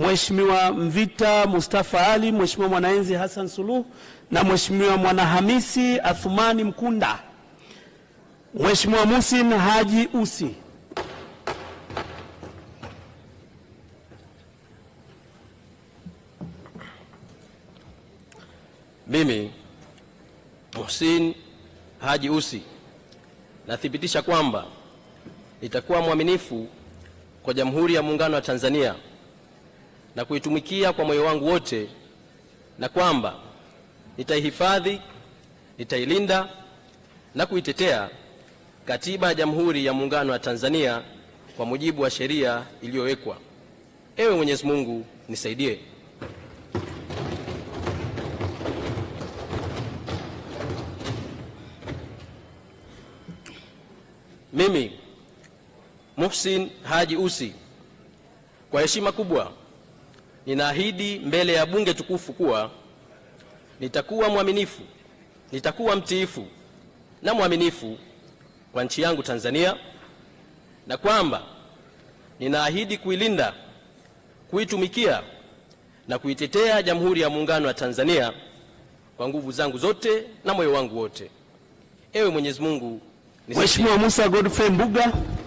Mheshimiwa Mvita Mustafa Ali, Mheshimiwa Mwanaenzi Hassan Suluhu na Mheshimiwa Mwanahamisi Athumani Mkunda, Mheshimiwa Musin Haji Usi. Mimi Muhsin Haji Usi nathibitisha kwamba nitakuwa mwaminifu kwa Jamhuri ya Muungano wa Tanzania na kuitumikia kwa moyo wangu wote, na kwamba nitaihifadhi, nitailinda na kuitetea Katiba ya Jamhuri ya Muungano wa Tanzania kwa mujibu wa sheria iliyowekwa. Ewe Mwenyezi Mungu nisaidie. Mimi Muhsin Haji usi kwa heshima kubwa Ninaahidi mbele ya bunge tukufu kuwa nitakuwa mwaminifu, nitakuwa mtiifu na mwaminifu kwa nchi yangu Tanzania, na kwamba ninaahidi kuilinda, kuitumikia na kuitetea Jamhuri ya Muungano wa Tanzania kwa nguvu zangu zote na moyo wangu wote. Ewe Mwenyezi Mungu. Mheshimiwa Musa Godfrey Mbuga.